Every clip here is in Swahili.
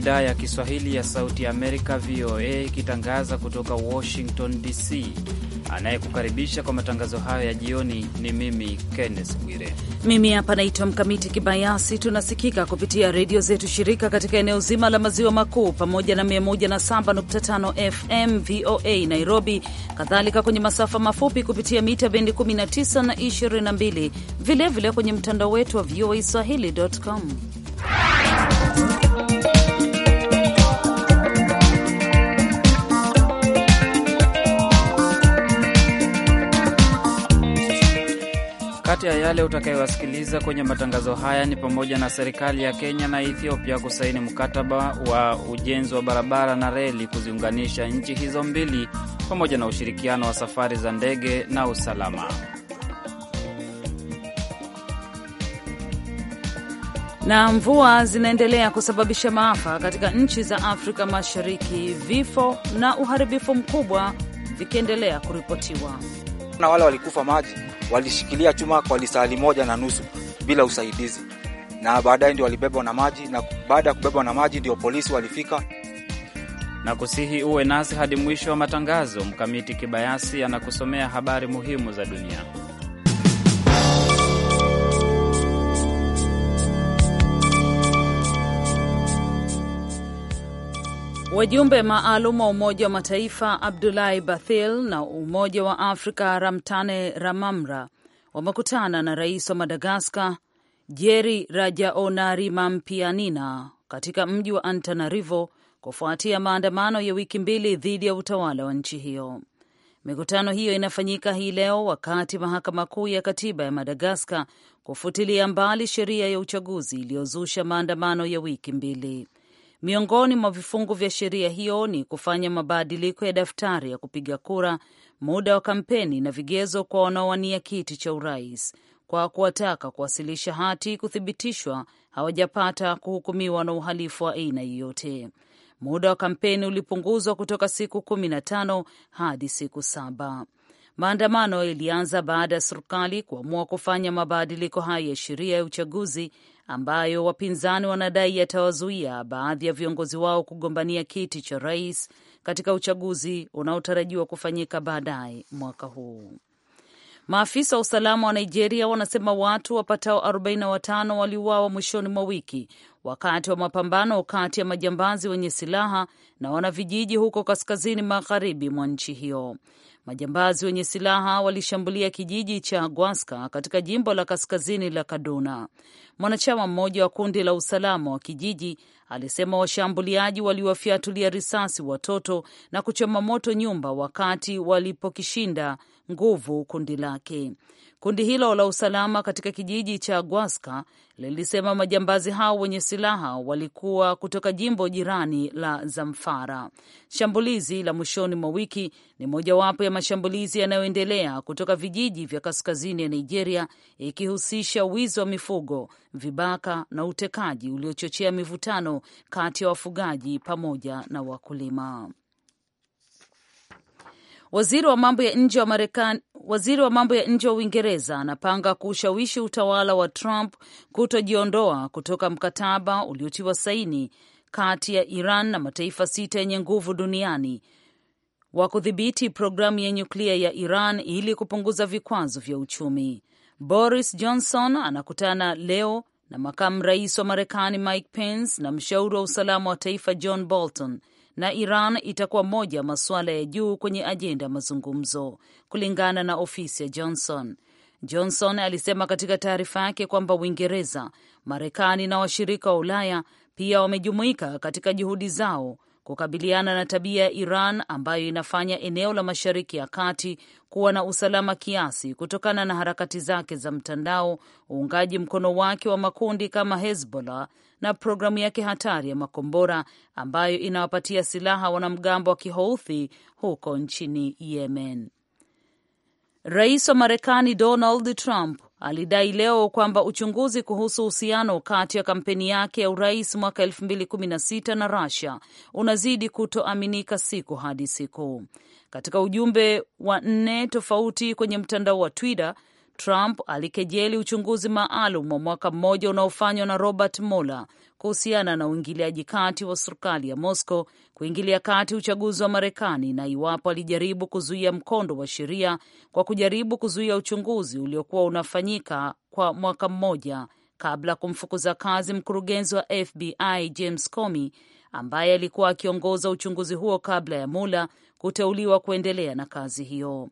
idhaa ya Kiswahili ya Sauti ya Amerika, VOA, ikitangaza kutoka Washington DC. Anayekukaribisha kwa matangazo hayo ya jioni ni mimi Kenneth Bwire. Mimi hapa naitwa Mkamiti Kibayasi. Tunasikika kupitia redio zetu shirika katika eneo zima la maziwa makuu pamoja na 107.5 FM VOA Nairobi, kadhalika kwenye masafa mafupi kupitia mita bendi 19 na 22, vilevile kwenye mtandao wetu wa voa swahili.com. Kati ya yale utakayowasikiliza kwenye matangazo haya ni pamoja na serikali ya Kenya na Ethiopia kusaini mkataba wa ujenzi wa barabara na reli kuziunganisha nchi hizo mbili, pamoja na ushirikiano wa safari za ndege na usalama. Na mvua zinaendelea kusababisha maafa katika nchi za Afrika Mashariki, vifo na uharibifu mkubwa vikiendelea kuripotiwa na wale walikufa maji Walishikilia chuma kwa lisali moja na nusu bila usaidizi, na baadaye ndio walibebwa na maji, na baada ya kubebwa na maji ndio polisi walifika. Na kusihi uwe nasi hadi mwisho wa matangazo. Mkamiti Kibayasi anakusomea habari muhimu za dunia. Wajumbe maalum wa Umoja wa Mataifa Abdulahi Bathil na Umoja wa Afrika Ramtane Ramamra wamekutana na rais wa Madagaskar Jeri Rajaonarimampianina katika mji wa Antananarivo kufuatia maandamano ya wiki mbili dhidi ya utawala wa nchi hiyo. Mikutano hiyo inafanyika hii leo wakati mahakama kuu ya katiba ya Madagaskar kufutilia mbali sheria ya uchaguzi iliyozusha maandamano ya wiki mbili. Miongoni mwa vifungu vya sheria hiyo ni kufanya mabadiliko ya daftari ya kupiga kura, muda wa kampeni na vigezo kwa wanaowania kiti cha urais, kwa kuwataka kuwasilisha hati kuthibitishwa hawajapata kuhukumiwa na uhalifu wa aina yoyote. Muda wa kampeni ulipunguzwa kutoka siku kumi na tano hadi siku saba. Maandamano yalianza baada ya serikali kuamua kufanya mabadiliko hayo ya sheria ya uchaguzi ambayo wapinzani wanadai yatawazuia baadhi ya viongozi wao kugombania kiti cha rais katika uchaguzi unaotarajiwa kufanyika baadaye mwaka huu. Maafisa wa usalama wa Nigeria wanasema watu wapatao 45 waliuawa mwishoni mwa wiki wakati wa mapambano kati ya majambazi wenye silaha na wanavijiji huko kaskazini magharibi mwa nchi hiyo. Majambazi wenye silaha walishambulia kijiji cha Gwaska katika jimbo la kaskazini la Kaduna. Mwanachama mmoja wa kundi la usalama wa kijiji alisema washambuliaji waliwafyatulia risasi watoto na kuchoma moto nyumba wakati walipokishinda nguvu kundi lake. Kundi hilo la usalama katika kijiji cha Gwaska lilisema majambazi hao wenye silaha walikuwa kutoka jimbo jirani la Zamfara. Shambulizi la mwishoni mwa wiki ni mojawapo ya mashambulizi yanayoendelea kutoka vijiji vya kaskazini ya Nigeria, ikihusisha wizi wa mifugo, vibaka na utekaji uliochochea mivutano kati ya wafugaji pamoja na wakulima. Waziri wa mambo ya nje wa Marekani, waziri wa mambo ya nje wa Uingereza anapanga kuushawishi utawala wa Trump kutojiondoa kutoka mkataba uliotiwa saini kati ya Iran na mataifa sita yenye nguvu duniani wa kudhibiti programu ya nyuklia ya Iran ili kupunguza vikwazo vya uchumi. Boris Johnson anakutana leo na makamu rais wa Marekani Mike Pence na mshauri wa usalama wa taifa John Bolton na Iran itakuwa moja masuala ya juu kwenye ajenda ya mazungumzo, kulingana na ofisi ya Johnson. Johnson alisema katika taarifa yake kwamba Uingereza, Marekani na washirika wa Ulaya pia wamejumuika katika juhudi zao kukabiliana na tabia ya Iran ambayo inafanya eneo la Mashariki ya Kati kuwa na usalama kiasi kutokana na harakati zake za mtandao, uungaji mkono wake wa makundi kama Hezbollah na programu yake hatari ya makombora ambayo inawapatia silaha wanamgambo wa Kihouthi huko nchini Yemen. Rais wa Marekani Donald Trump alidai leo kwamba uchunguzi kuhusu uhusiano kati ya kampeni yake ya urais mwaka 2016 na Russia unazidi kutoaminika siku hadi siku. Katika ujumbe wa nne tofauti kwenye mtandao wa Twitter, Trump alikejeli uchunguzi maalum wa mwaka mmoja unaofanywa na Robert Mueller kuhusiana na uingiliaji kati wa serikali ya Moscow kuingilia kati uchaguzi wa Marekani na iwapo alijaribu kuzuia mkondo wa sheria kwa kujaribu kuzuia uchunguzi uliokuwa unafanyika kwa mwaka mmoja kabla kumfukuza kazi mkurugenzi wa FBI James Comey ambaye alikuwa akiongoza uchunguzi huo kabla ya Mueller kuteuliwa kuendelea na kazi hiyo.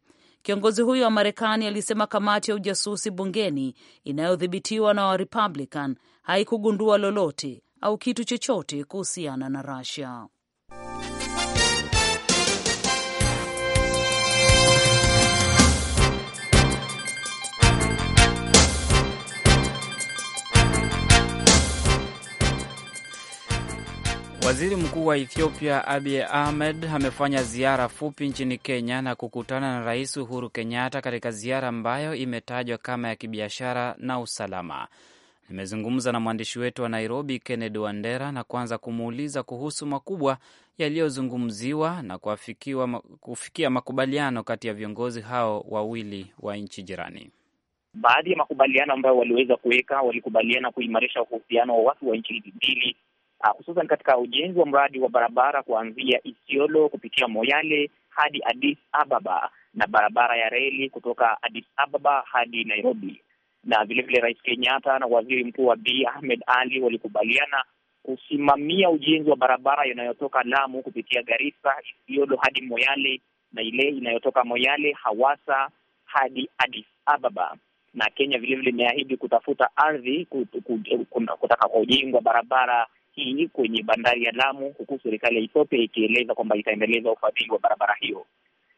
Kiongozi huyo wa Marekani alisema kamati ya ujasusi bungeni inayodhibitiwa na Warepublican haikugundua lolote au kitu chochote kuhusiana na Russia. Waziri Mkuu wa Ethiopia Abiy Ahmed amefanya ziara fupi nchini Kenya na kukutana na Rais Uhuru Kenyatta katika ziara ambayo imetajwa kama ya kibiashara na usalama. Nimezungumza na mwandishi wetu wa Nairobi Kennedy Wandera na kuanza kumuuliza kuhusu makubwa yaliyozungumziwa na kuafikiwa, kufikia makubaliano kati ya viongozi hao wawili wa nchi jirani. Baadhi ya makubaliano ambayo waliweza kuweka, walikubaliana kuimarisha uhusiano wa watu wa nchi hizi mbili Ah, hususan uh, katika ujenzi wa mradi wa barabara kuanzia Isiolo kupitia Moyale hadi Addis Ababa na barabara ya reli kutoka Addis Ababa hadi Nairobi. Na vilevile Rais Kenyatta na Waziri Mkuu wa Abiy Ahmed Ali walikubaliana kusimamia ujenzi wa barabara inayotoka Lamu kupitia Garissa, Isiolo hadi Moyale na ile inayotoka Moyale hawasa hadi Addis Ababa. Na Kenya vilevile imeahidi kutafuta ardhi kutaka kwa barabara hii kwenye bandari ya Lamu, huku serikali ya Ethiopia ikieleza kwamba itaendeleza ufadhili wa barabara hiyo.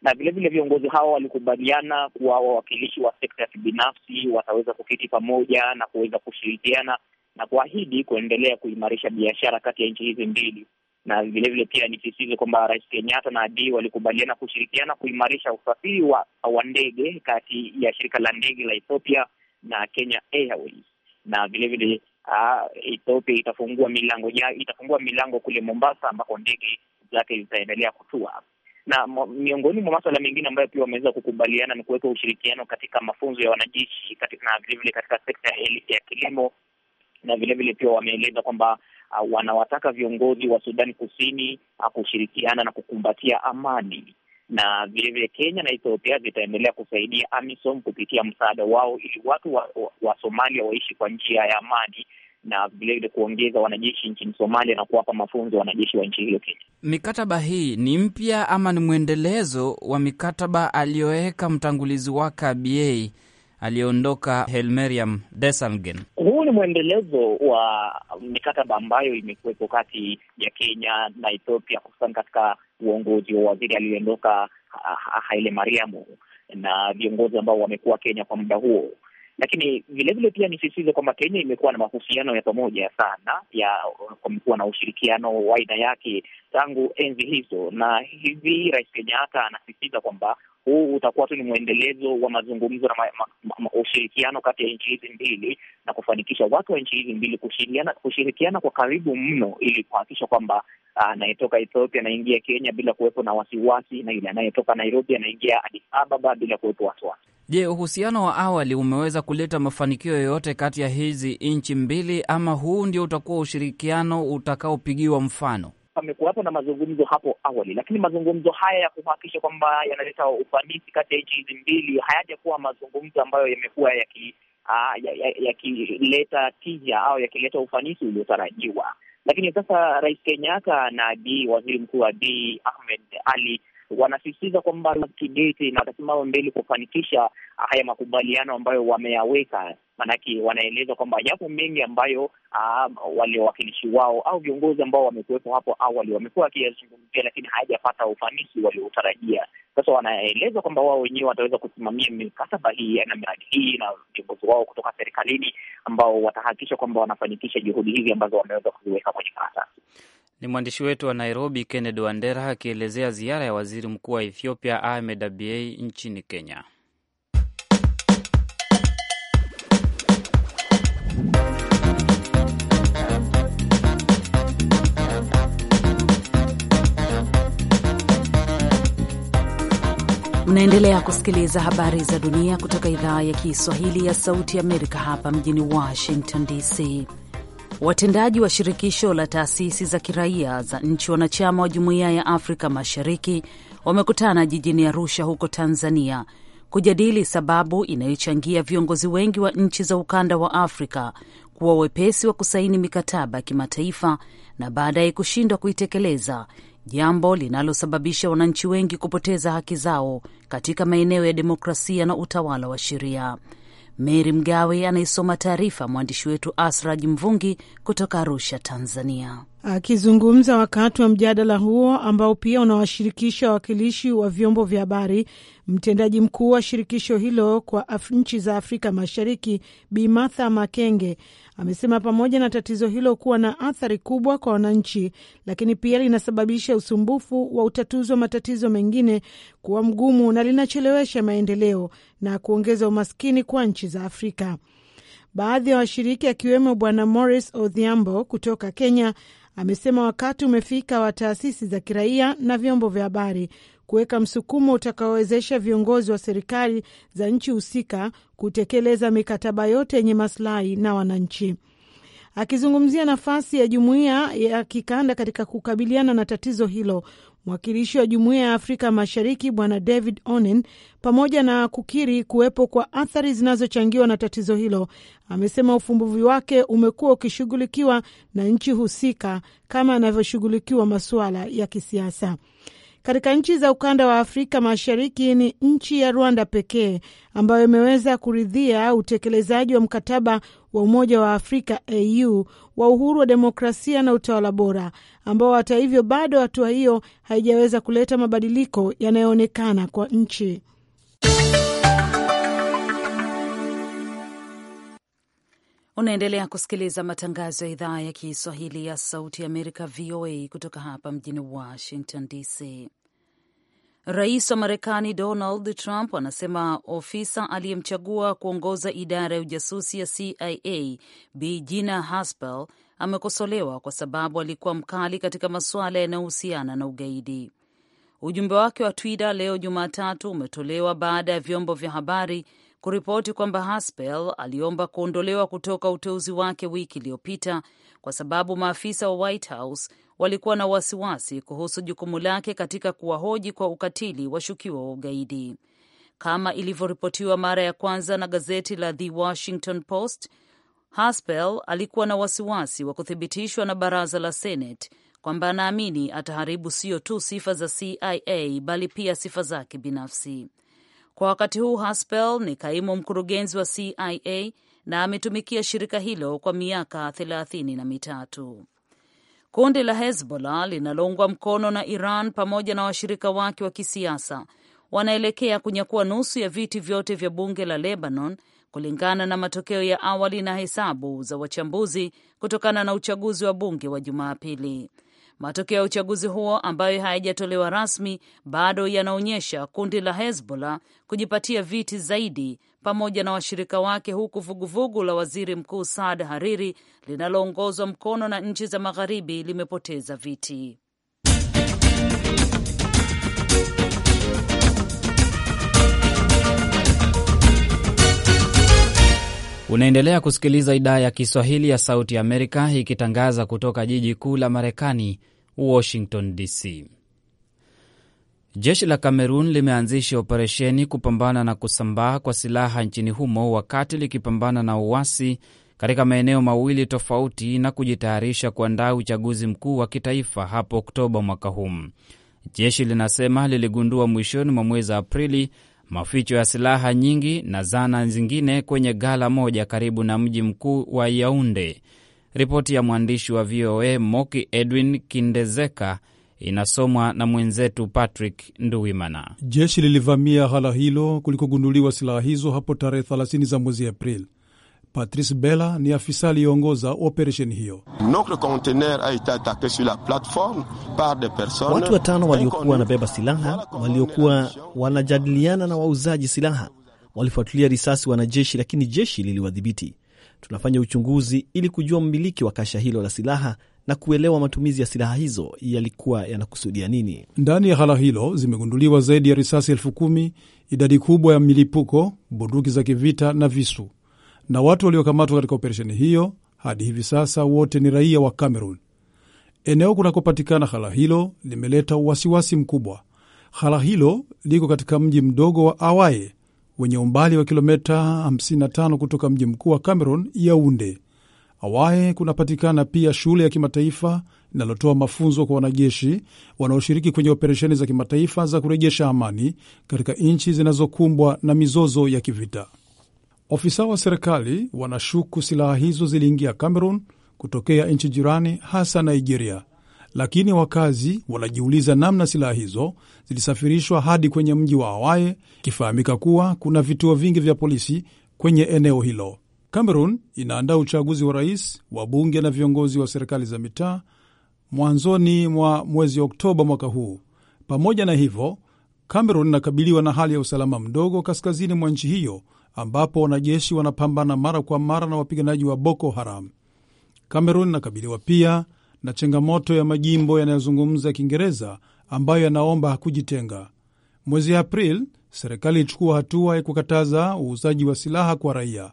Na vilevile viongozi hao walikubaliana kuwa wawakilishi wa sekta ya kibinafsi wataweza kuketi pamoja na kuweza kushirikiana na kuahidi kuendelea kuimarisha biashara kati ya nchi hizi mbili. Na vilevile pia nisisitize kwamba Rais Kenyatta na Abiy walikubaliana kushirikiana kuimarisha usafiri wa, wa ndege kati ya shirika la ndege la Ethiopia na Kenya Airways na vilevile uh, ah, Ethiopia itafungua milango ya, itafungua milango kule Mombasa ambako ndege zake zitaendelea kutua na miongoni mwa masuala mengine ambayo pia wameweza kukubaliana ni kuweka ushirikiano katika mafunzo ya wanajeshi na vilevile katika sekta ya kilimo, na vilevile pia wameeleza kwamba uh, wanawataka viongozi wa Sudani Kusini uh, kushirikiana na kukumbatia amani na vilevile Kenya na Ethiopia zitaendelea kusaidia AMISOM kupitia msaada wao ili watu wa, wa, wa Somalia waishi kwa njia ya amani na vilevile kuongeza wanajeshi nchini Somalia na kuwapa mafunzo wanajeshi wa nchi hiyo Kenya. Mikataba hii ni mpya ama ni mwendelezo wa mikataba aliyoweka mtangulizi wake Abiy aliyeondoka Helmeriam Desalgen. Huu ni mwendelezo wa mikataba ambayo imekuwepo kati ya Kenya na Ethiopia, hususan katika uongozi wa waziri aliyoondoka ah, ah, mariamu na viongozi ambao wamekuwa Kenya kwa muda huo lakini vilevile pia nisisitize kwamba Kenya imekuwa na mahusiano ya pamoja sana ya kumekuwa na ushirikiano wa aina yake tangu enzi hizo, na hivi Rais Kenyatta anasisitiza kwamba huu utakuwa tu ni mwendelezo wa mazungumzo na ma, ma, ma, ushirikiano kati ya nchi hizi mbili na kufanikisha watu wa nchi hizi mbili kushirikiana, kushirikiana kwa karibu mno ili kuhakikisha kwamba ah, anayetoka Ethiopia anaingia Kenya bila kuwepo na wasiwasi na yule anayetoka Nairobi anaingia Addis Ababa bila kuwepo wasiwasi. Je, uhusiano wa awali umeweza kuleta mafanikio yoyote kati ya hizi nchi mbili ama huu ndio utakuwa ushirikiano utakaopigiwa mfano? pamekuwapo na mazungumzo hapo awali, lakini mazungumzo haya ya kuhakikisha kwamba yanaleta ufanisi kati ya nchi hizi mbili hayajakuwa mazungumzo ambayo yamekuwa yakileta ah, ya, ya tija au yakileta ufanisi uliotarajiwa. Lakini sasa Rais Kenyatta na Abiy, waziri mkuu Abiy Ahmed Ali wanasisitiza kwamba kidete na watasimama mbele kufanikisha haya makubaliano ambayo wameyaweka maanake wanaeleza kwamba yapo mengi ambayo uh, ah, wale wawakilishi wao au viongozi ambao wamekuwepo hapo awali wamekuwa wakiyazungumzia, lakini hayajapata ufanisi walioutarajia. Sasa wanaeleza kwamba wao wenyewe wataweza kusimamia mikataba hii na miradi hii na viongozi wao kutoka serikalini ambao watahakikisha kwamba wanafanikisha juhudi hizi ambazo wameweza kuziweka kwenye karatasi. Ni mwandishi wetu wa Nairobi, Kennedy Wandera, akielezea ziara ya waziri mkuu wa Ethiopia Ahmed Abiy nchini Kenya. Unaendelea kusikiliza habari za dunia kutoka idhaa ya Kiswahili ya Sauti Amerika hapa mjini Washington DC. Watendaji wa shirikisho la taasisi za kiraia za nchi wanachama wa Jumuiya ya Afrika Mashariki wamekutana jijini Arusha huko Tanzania kujadili sababu inayochangia viongozi wengi wa nchi za ukanda wa Afrika kuwa wepesi wa kusaini mikataba ya kimataifa na baadaye kushindwa kuitekeleza, jambo linalosababisha wananchi wengi kupoteza haki zao katika maeneo ya demokrasia na utawala wa sheria. Meri Mgawe anaisoma taarifa mwandishi wetu Asraj Mvungi kutoka Arusha, Tanzania. Akizungumza wakati wa mjadala huo ambao pia unawashirikisha wawakilishi wa vyombo vya habari, mtendaji mkuu wa shirikisho hilo kwa nchi za Afrika Mashariki Bi Martha Makenge Amesema pamoja na tatizo hilo kuwa na athari kubwa kwa wananchi, lakini pia linasababisha usumbufu wa utatuzi wa matatizo mengine kuwa mgumu na linachelewesha maendeleo na kuongeza umaskini kwa nchi za Afrika. Baadhi ya washiriki akiwemo Bwana Morris Odhiambo kutoka Kenya amesema wakati umefika wa taasisi za kiraia na vyombo vya habari kuweka msukumo utakaowezesha viongozi wa serikali za nchi husika kutekeleza mikataba yote yenye masilahi na wananchi. Akizungumzia nafasi ya jumuiya ya kikanda katika kukabiliana na tatizo hilo, mwakilishi wa jumuiya ya Afrika Mashariki Bwana David Onen, pamoja na kukiri kuwepo kwa athari zinazochangiwa na tatizo hilo, amesema ufumbuzi wake umekuwa ukishughulikiwa na nchi husika kama anavyoshughulikiwa masuala ya kisiasa. Katika nchi za ukanda wa Afrika Mashariki ni nchi ya Rwanda pekee ambayo imeweza kuridhia utekelezaji wa mkataba wa Umoja wa Afrika au wa uhuru wa demokrasia na utawala bora, ambao hata hivyo bado hatua hiyo haijaweza kuleta mabadiliko yanayoonekana kwa nchi. Unaendelea kusikiliza matangazo ya idhaa ya Kiswahili ya Sauti ya Amerika, VOA, kutoka hapa mjini Washington DC. Rais wa Marekani Donald Trump anasema ofisa aliyemchagua kuongoza idara ya ujasusi ya CIA Bi Gina Haspel amekosolewa kwa sababu alikuwa mkali katika masuala yanayohusiana na ugaidi. Ujumbe wake wa Twitter leo Jumatatu umetolewa baada ya vyombo vya habari kuripoti kwamba Haspel aliomba kuondolewa kutoka uteuzi wake wiki iliyopita kwa sababu maafisa wa White House walikuwa na wasiwasi kuhusu jukumu lake katika kuwahoji kwa ukatili washukiwa wa ugaidi. Kama ilivyoripotiwa mara ya kwanza na gazeti la The Washington Post, Haspel alikuwa na wasiwasi wa kuthibitishwa na baraza la Senate kwamba anaamini ataharibu sio tu sifa za CIA bali pia sifa zake binafsi. Kwa wakati huu Haspel ni kaimu mkurugenzi wa CIA na ametumikia shirika hilo kwa miaka thelathini na mitatu. Kundi la Hezbollah linaloungwa mkono na Iran pamoja na washirika wake wa kisiasa wanaelekea kunyakua nusu ya viti vyote vya bunge la Lebanon kulingana na matokeo ya awali na hesabu za wachambuzi kutokana na uchaguzi wa bunge wa Jumapili. Matokeo ya uchaguzi huo ambayo hayajatolewa rasmi bado yanaonyesha kundi la Hezbollah kujipatia viti zaidi pamoja na washirika wake, huku vuguvugu la waziri mkuu Saad Hariri linaloongozwa mkono na nchi za magharibi limepoteza viti. Unaendelea kusikiliza idhaa ya Kiswahili ya Sauti Amerika ikitangaza kutoka jiji kuu la Marekani, Washington DC. Jeshi la Kamerun limeanzisha operesheni kupambana na kusambaa kwa silaha nchini humo wakati likipambana na uasi katika maeneo mawili tofauti na kujitayarisha kuandaa uchaguzi mkuu wa kitaifa hapo Oktoba mwaka huu. Jeshi linasema liligundua mwishoni mwa mwezi Aprili maficho ya silaha nyingi na zana zingine kwenye ghala moja karibu na mji mkuu wa Yaunde. Ripoti ya mwandishi wa VOA Moki Edwin Kindezeka inasomwa na mwenzetu Patrick Nduwimana. Jeshi lilivamia ghala hilo kulikogunduliwa silaha hizo hapo tarehe 30 za mwezi Aprili. Patrice Bella ni afisa aliyeongoza operesheni hiyo. Watu watano waliokuwa wanabeba silaha waliokuwa wanajadiliana na wauzaji silaha walifuatilia risasi wanajeshi, lakini jeshi liliwadhibiti. Tunafanya uchunguzi ili kujua mmiliki wa kasha hilo la silaha na kuelewa matumizi ya silaha hizo yalikuwa yanakusudia nini. Ndani ya hala hilo zimegunduliwa zaidi ya risasi elfu kumi, idadi kubwa ya milipuko, bunduki za kivita na visu na watu waliokamatwa katika operesheni hiyo hadi hivi sasa wote ni raia wa Cameroon. Eneo kunakopatikana hala hilo limeleta wasiwasi mkubwa. Hala hilo liko katika mji mdogo wa Awaye wenye umbali wa kilometa 55 kutoka mji mkuu wa Cameroon, Yaunde. Awaye kunapatikana pia shule ya kimataifa linalotoa mafunzo kwa wanajeshi wanaoshiriki kwenye operesheni za kimataifa za kurejesha amani katika nchi zinazokumbwa na mizozo ya kivita. Ofisa wa serikali wanashuku silaha hizo ziliingia Cameroon kutokea nchi jirani, hasa Nigeria, lakini wakazi wanajiuliza namna silaha hizo zilisafirishwa hadi kwenye mji wa Hawaye, ikifahamika kuwa kuna vituo vingi vya polisi kwenye eneo hilo. Cameroon inaandaa uchaguzi wa rais, wabunge na viongozi wa serikali za mitaa mwanzoni mwa mwezi Oktoba mwaka huu. Pamoja na hivyo, Cameroon inakabiliwa na hali ya usalama mdogo kaskazini mwa nchi hiyo ambapo wanajeshi wanapambana mara kwa mara na wapiganaji wa Boko Haram. Kamerun inakabiliwa pia na changamoto ya majimbo yanayozungumza Kiingereza ambayo yanaomba kujitenga Mwezi Aprili, serikali ilichukua hatua ya kukataza uuzaji wa silaha kwa raia.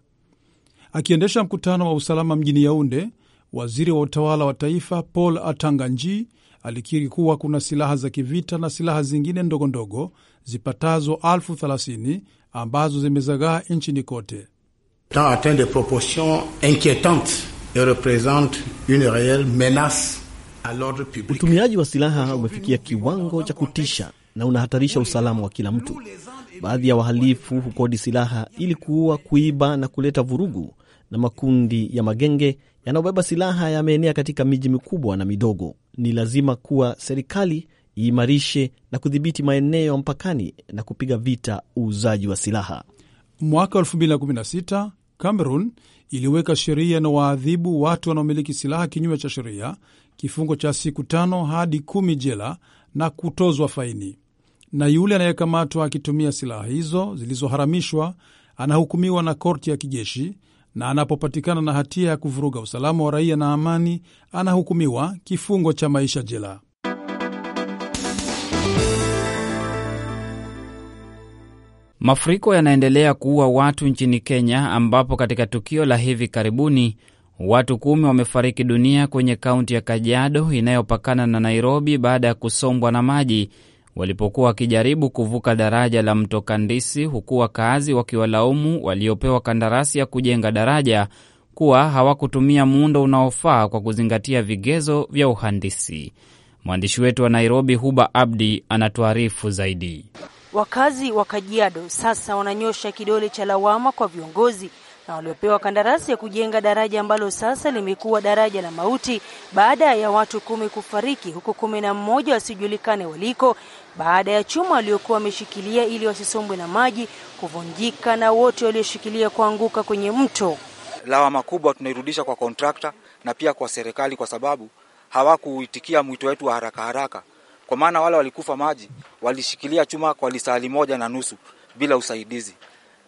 Akiendesha mkutano wa usalama mjini Yaunde, waziri wa utawala wa taifa Paul Atanganji alikiri kuwa kuna silaha za kivita na silaha zingine ndogondogo zipatazo elfu thelathini ambazo zimezagaa nchini kote. atteint des proportions inquietantes et représente une réelle menace à l'ordre public. Utumiaji wa silaha umefikia kiwango cha kutisha na unahatarisha usalama wa kila mtu. Baadhi ya wahalifu hukodi silaha ili kuua, kuiba na kuleta vurugu, na makundi ya magenge yanayobeba silaha yameenea katika miji mikubwa na midogo. Ni lazima kuwa serikali iimarishe na kudhibiti maeneo ya mpakani na kupiga vita uuzaji wa silaha. Mwaka 2016 Cameroon iliweka sheria na waadhibu watu wanaomiliki silaha kinyume cha sheria, kifungo cha siku tano hadi kumi jela na kutozwa faini, na yule anayekamatwa akitumia silaha hizo zilizoharamishwa anahukumiwa na korti ya kijeshi, na anapopatikana na hatia ya kuvuruga usalama wa raia na amani anahukumiwa kifungo cha maisha jela. Mafuriko yanaendelea kuua watu nchini Kenya, ambapo katika tukio la hivi karibuni watu kumi wamefariki dunia kwenye kaunti ya Kajiado inayopakana na Nairobi baada ya kusombwa na maji walipokuwa wakijaribu kuvuka daraja la mto Kandisi, huku wakaazi wakiwalaumu waliopewa kandarasi ya kujenga daraja kuwa hawakutumia muundo unaofaa kwa kuzingatia vigezo vya uhandisi. Mwandishi wetu wa Nairobi, Huba Abdi, anatuarifu zaidi. Wakazi wa Kajiado sasa wananyosha kidole cha lawama kwa viongozi na waliopewa kandarasi ya kujenga daraja ambalo sasa limekuwa daraja la mauti baada ya watu kumi kufariki huku kumi na mmoja wasijulikane waliko baada ya chuma waliokuwa wameshikilia ili wasisombwe na maji kuvunjika na wote walioshikilia kuanguka kwenye mto. Lawama kubwa tunairudisha kwa kontrakta na pia kwa serikali, kwa sababu hawakuitikia mwito wetu wa haraka haraka kwa maana wale walikufa maji walishikilia chuma kwa lisali moja na nusu bila usaidizi,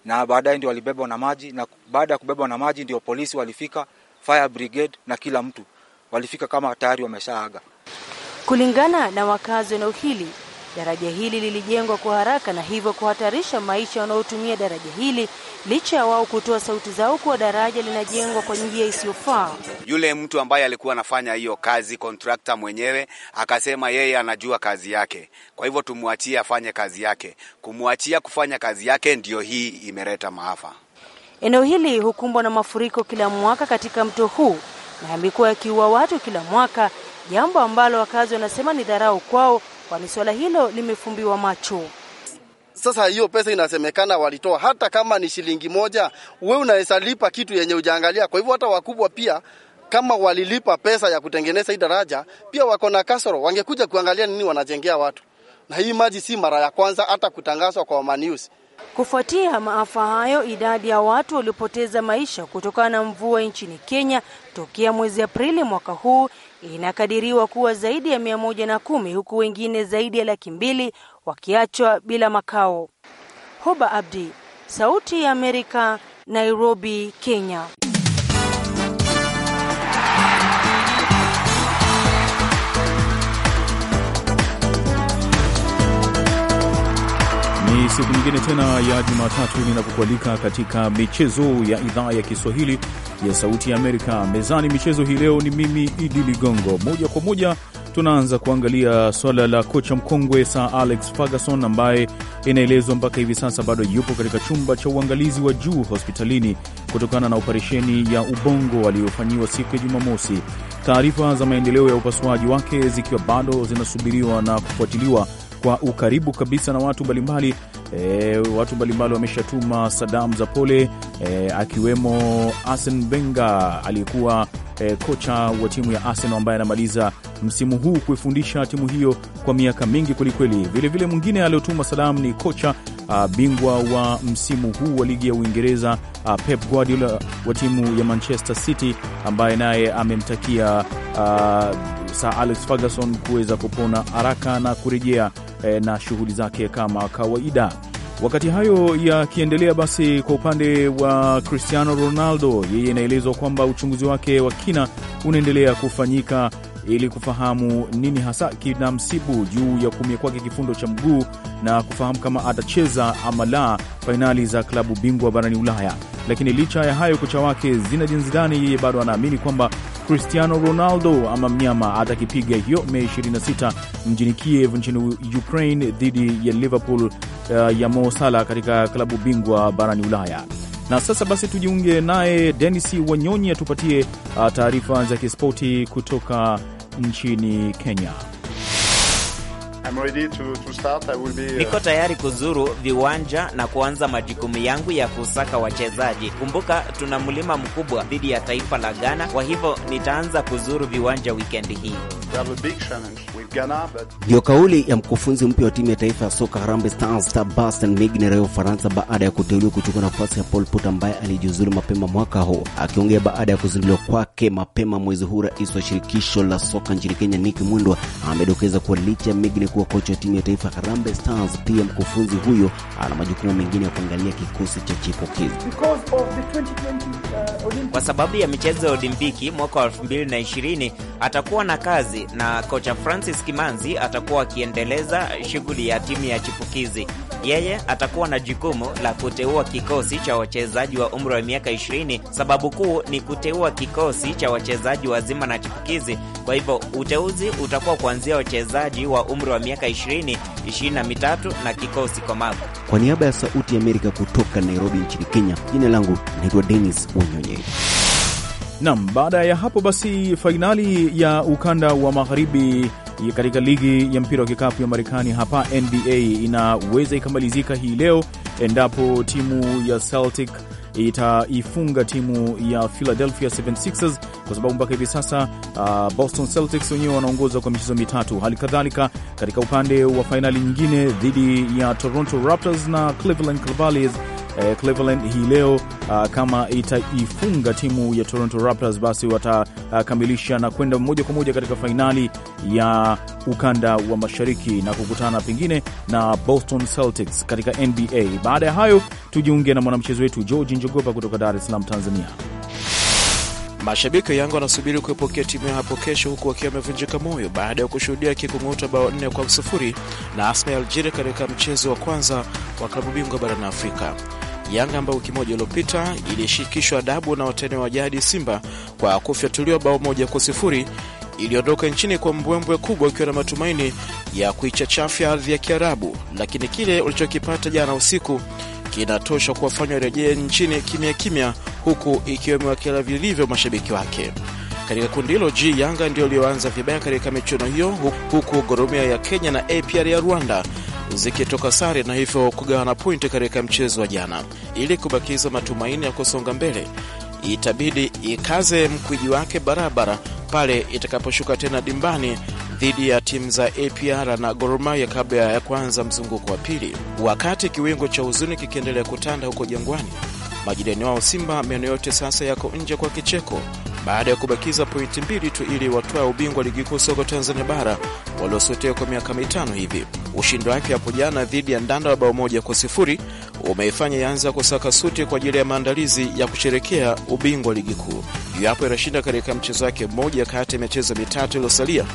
na baadaye ndio walibebwa na maji, na baada ya kubebwa na maji ndio polisi walifika, fire brigade na kila mtu walifika kama tayari wameshaaga. Kulingana na wakazi wa eneo hili, Daraja hili lilijengwa kwa haraka na hivyo kuhatarisha maisha wanaotumia daraja hili licha ya wao kutoa sauti zao kuwa daraja linajengwa kwa njia isiyofaa. Yule mtu ambaye alikuwa anafanya hiyo kazi, kontrakta mwenyewe akasema yeye anajua kazi yake, kwa hivyo tumwachie afanye kazi yake. Kumwachia kufanya kazi yake ndiyo hii imeleta maafa. Eneo hili hukumbwa na mafuriko kila mwaka katika mto huu na yamekuwa yakiua watu kila mwaka, jambo ambalo wakazi wanasema ni dharau kwao kwani suala hilo limefumbiwa macho. Sasa hiyo pesa inasemekana walitoa, hata kama ni shilingi moja, we unaweza lipa kitu yenye ujaangalia. Kwa hivyo hata wakubwa pia kama walilipa pesa ya kutengeneza hii daraja, pia wako na kasoro, wangekuja kuangalia nini wanajengea watu. Na hii maji si mara ya kwanza hata kutangazwa kwa manews. Kufuatia maafa hayo, idadi ya watu waliopoteza maisha kutokana na mvua nchini Kenya Tokea mwezi Aprili mwaka huu inakadiriwa kuwa zaidi ya mia moja na kumi huku wengine zaidi ya laki mbili wakiachwa bila makao. Hoba Abdi, Sauti ya Amerika, Nairobi, Kenya. siku nyingine tena ya Jumatatu ninapokualika katika michezo ya idhaa ya Kiswahili ya Sauti ya Amerika. Mezani michezo hii leo ni mimi Idi Ligongo. Moja kwa moja tunaanza kuangalia swala la kocha mkongwe Sir Alex Ferguson ambaye inaelezwa mpaka hivi sasa bado yupo katika chumba cha uangalizi wa juu hospitalini kutokana na operesheni ya ubongo aliyofanyiwa siku ya Jumamosi, taarifa za maendeleo ya upasuaji wake zikiwa bado zinasubiriwa na kufuatiliwa kwa ukaribu kabisa na watu mbalimbali e, watu mbalimbali wameshatuma salamu za pole e, akiwemo Arsene Wenger aliyekuwa e, kocha wa timu ya Arsenal ambaye anamaliza msimu huu kuifundisha timu hiyo kwa miaka mingi kwelikweli. Vilevile mwingine aliyotuma salamu ni kocha a, bingwa wa msimu huu wa ligi ya Uingereza Pep Guardiola wa timu ya Manchester City ambaye naye amemtakia Sir Alex Ferguson kuweza kupona haraka na kurejea e, na shughuli zake kama kawaida. Wakati hayo yakiendelea, basi kwa upande wa Cristiano Ronaldo, yeye inaelezwa kwamba uchunguzi wake wa kina unaendelea kufanyika ili kufahamu nini hasa kinamsibu juu ya kuumia kwake kifundo cha mguu na kufahamu kama atacheza ama la fainali za klabu bingwa barani Ulaya. Lakini licha ya hayo, kocha wake Zinedine Zidane yeye bado anaamini kwamba Cristiano Ronaldo ama mnyama atakipiga hiyo Mei 26 mjini Kiev nchini Ukraine dhidi ya Liverpool uh, ya Mo Salah katika klabu bingwa barani Ulaya. Na sasa basi tujiunge naye Denis Wanyonyi atupatie uh, taarifa za kispoti kutoka nchini Kenya. Uh, Niko tayari kuzuru viwanja na kuanza majukumu yangu ya kusaka wachezaji. Kumbuka tuna mlima mkubwa dhidi ya taifa la Ghana, kwa hivyo nitaanza kuzuru viwanja wikendi hii. Ndiyo kauli ya mkufunzi mpya wa timu ya taifa ya soka Harambee Stars Sébastien Migner ya Ufaransa baada ya kuteuliwa kuchukua nafasi ya Paul Put ambaye alijiuzulu mapema mwaka huu, akiongea baada ya kuzuliwa kwake mapema mwezi huu. Rais wa shirikisho la soka nchini Kenya Nick Mwendwa amedokeza kuwa licha ya Migne kuwa kocha wa timu ya taifa Harambee Stars, pia mkufunzi huyo ana majukumu mengine ya kuangalia kikosi cha chipukizi. Uh, Kwa sababu ya michezo ya Olimpiki mwaka wa 2020 atakuwa na kazi chipukizi na kocha Francis Kimanzi atakuwa akiendeleza shughuli ya timu ya chipukizi. Yeye atakuwa na jukumu la kuteua kikosi cha wachezaji wa umri wa miaka 20. Sababu kuu ni kuteua kikosi cha wachezaji wazima na chipukizi. Kwa hivyo uteuzi utakuwa kuanzia wachezaji wa umri wa miaka 20, 23 na kikosi komavu. Kwa niaba ya Sauti ya Amerika kutoka Nairobi nchini Kenya, jina langu naitwa denis Wanyonye. Nam, baada ya hapo basi, fainali ya ukanda wa magharibi katika ligi ya mpira wa kikapu ya Marekani hapa NBA inaweza ikamalizika hii leo endapo timu ya Celtic itaifunga timu ya Philadelphia 76ers kwa sababu mpaka hivi sasa uh, Boston Celtics wenyewe wanaongoza kwa michezo mitatu. Hali kadhalika katika upande wa fainali nyingine dhidi ya Toronto Raptors na Cleveland Cavaliers eh, Cleveland hii leo uh, kama itaifunga timu ya Toronto Raptors basi watakamilisha uh, na kwenda moja kwa moja katika fainali ya ukanda wa mashariki na kukutana pengine na Boston Celtics katika NBA. Baada ya hayo, tujiunge na mwanamchezo wetu George Njogopa kutoka Dar es Salaam, Tanzania. Mashabiki wa Yanga wanasubiri kuipokea timu yao hapo kesho, huku wakiwa wamevunjika moyo baada ya kushuhudia kikung'uta bao nne kwa sufuri na Asma ya Algeria katika mchezo wa kwanza wa klabu bingwa barani Afrika. Yanga ambayo wiki moja iliyopita ilishikishwa adabu na watani wa jadi Simba kwa kufyatuliwa bao moja kwa sifuri iliondoka nchini kwa mbwembwe kubwa ikiwa na matumaini ya kuichachafya ardhi ya Kiarabu, lakini kile ulichokipata jana usiku kinatosha kuwafanya warejee nchini kimya kimya, huku ikiwa imewakera vilivyo mashabiki wake. Katika kundi hilo G, Yanga ndio iliyoanza vibaya katika michuano hiyo, huku Goromia ya Kenya na APR ya Rwanda zikitoka sare na hivyo kugawana pointi katika mchezo wa jana. Ili kubakiza matumaini ya kusonga mbele, itabidi ikaze mkwiji wake barabara pale itakaposhuka tena dimbani dhidi ya timu za APR na Gor Mahia kabla ya kuanza mzunguko wa pili. Wakati kiwingu cha huzuni kikiendelea kutanda huko Jangwani, majirani wao Simba meno yote sasa yako nje kwa kicheko baada ya kubakiza pointi mbili tu ili watwae ubingwa ligi kuu soka Tanzania bara waliosotea kwa miaka mitano hivi. Ushindi wake hapo jana dhidi ya Ndanda wa bao moja kwa sifuri umeifanya Yanga kusaka suti kwa ajili ya maandalizi ya kusherekea ubingwa ligi kuu. Iwapo inashinda katika mchezo wake mmoja kati ya michezo mitatu iliyosalia,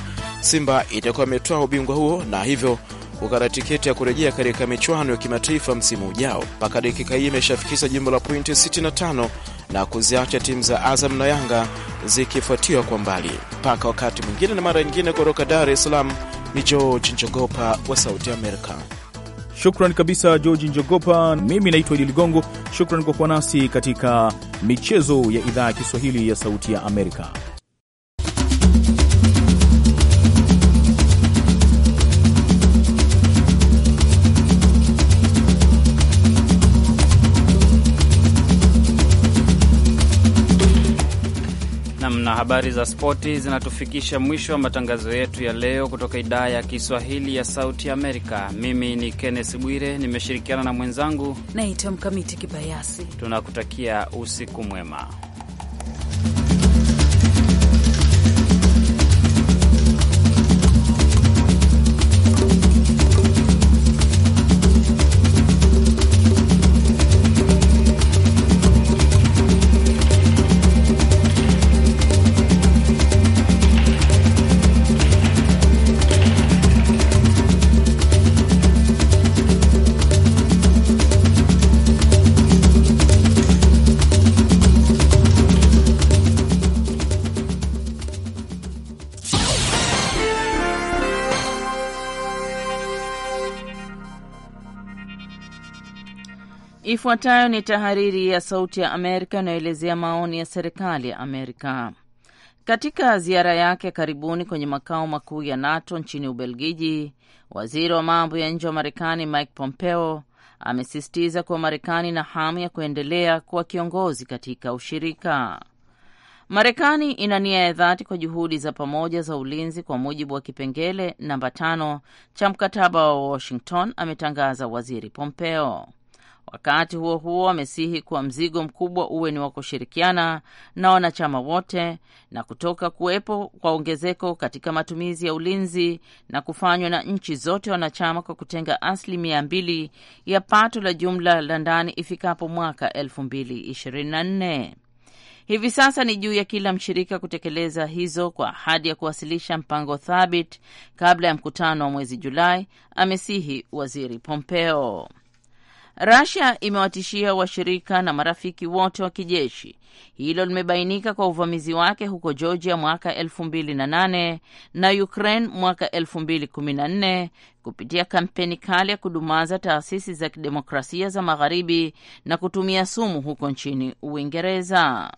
Simba itakuwa imetoa ubingwa huo na hivyo kukata tiketi ya kurejea katika michuano ya kimataifa msimu ujao. Mpaka dakika hii imeshafikisha jumbo la pointi 65 na kuziacha timu za Azam na Yanga zikifuatiwa kwa mbali. Mpaka wakati mwingine na mara nyingine, kutoka Dar es Salaam ni George Njogopa wa Sauti Amerika. Shukran kabisa George Njogopa. Mimi naitwa Idi Ligongo. Shukran kwa kuwa nasi katika michezo ya idhaa ya Kiswahili ya Sauti ya Amerika. Habari za spoti zinatufikisha mwisho wa matangazo yetu ya leo kutoka idhaa ya Kiswahili ya Sauti Amerika. Mimi ni Kennes Bwire, nimeshirikiana na mwenzangu naitwa Mkamiti Kibayasi. Tunakutakia usiku mwema. Ifuatayo ni tahariri ya Sauti ya Amerika inayoelezea maoni ya serikali ya Amerika. Katika ziara yake karibuni kwenye makao makuu ya NATO nchini Ubelgiji, waziri wa mambo ya nje wa Marekani Mike Pompeo amesisitiza kuwa Marekani na hamu ya kuendelea kuwa kiongozi katika ushirika. Marekani ina nia ya dhati kwa juhudi za pamoja za ulinzi kwa mujibu wa kipengele namba tano cha mkataba wa Washington, ametangaza waziri Pompeo. Wakati huo huo, wamesihi kuwa mzigo mkubwa uwe ni wa kushirikiana na wanachama wote na kutoka kuwepo kwa ongezeko katika matumizi ya ulinzi na kufanywa na nchi zote wanachama kwa kutenga asilimia mbili ya pato la jumla la ndani ifikapo mwaka nne. Hivi sasa ni juu ya kila mshirika kutekeleza hizo kwa ahadi ya kuwasilisha mpango thabiti kabla ya mkutano wa mwezi Julai, amesihi Waziri Pompeo rasia imewatishia washirika na marafiki wote wa kijeshi. Hilo limebainika kwa uvamizi wake huko Georgia mwaka 2008 na Ukraine mwaka 2014 kupitia kampeni kali ya kudumaza taasisi za kidemokrasia za magharibi na kutumia sumu huko nchini Uingereza.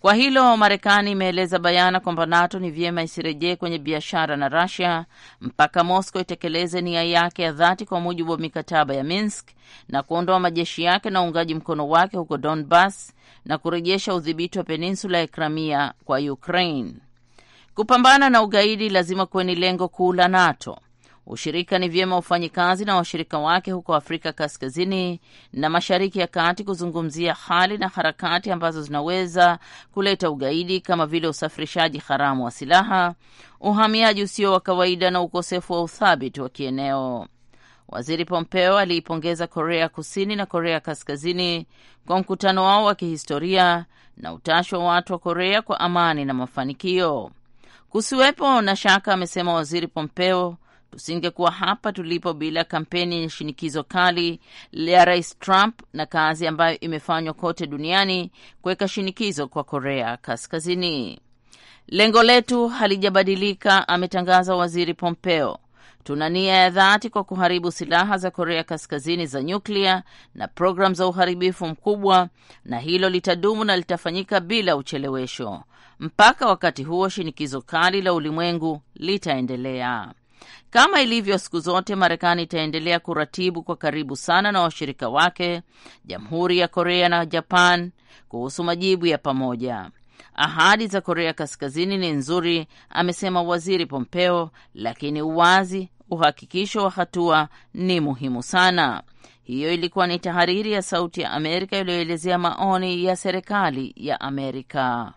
Kwa hilo Marekani imeeleza bayana kwamba NATO ni vyema isirejee kwenye biashara na rasia mpaka mosco itekeleze nia yake ya dhati kwa mujibu wa mikataba ya Minsk na kuondoa majeshi yake na uungaji mkono wake huko Donbas na kurejesha udhibiti wa peninsula ya Kramia kwa Ukraine. Kupambana na ugaidi lazima kuwe ni lengo kuu la NATO. Ushirika ni vyema ufanye kazi na washirika wake huko Afrika Kaskazini na Mashariki ya Kati kuzungumzia hali na harakati ambazo zinaweza kuleta ugaidi kama vile usafirishaji haramu wa silaha, uhamiaji usio wa kawaida na ukosefu wa uthabiti wa kieneo. Waziri Pompeo aliipongeza Korea Kusini na Korea Kaskazini kwa mkutano wao wa kihistoria na utashi wa watu wa Korea kwa amani na mafanikio. Kusiwepo na shaka, amesema Waziri Pompeo, tusingekuwa hapa tulipo bila kampeni yenye shinikizo kali la Rais Trump na kazi ambayo imefanywa kote duniani kuweka shinikizo kwa Korea Kaskazini. Lengo letu halijabadilika, ametangaza Waziri Pompeo. Tuna nia ya dhati kwa kuharibu silaha za Korea Kaskazini za nyuklia na programu za uharibifu mkubwa, na hilo litadumu na litafanyika bila uchelewesho. Mpaka wakati huo, shinikizo kali la ulimwengu litaendelea. Kama ilivyo siku zote, Marekani itaendelea kuratibu kwa karibu sana na washirika wake, Jamhuri ya Korea na Japan, kuhusu majibu ya pamoja. Ahadi za Korea Kaskazini ni nzuri, amesema Waziri Pompeo, lakini uwazi, uhakikisho wa hatua ni muhimu sana. Hiyo ilikuwa ni tahariri ya Sauti ya Amerika iliyoelezea maoni ya serikali ya Amerika.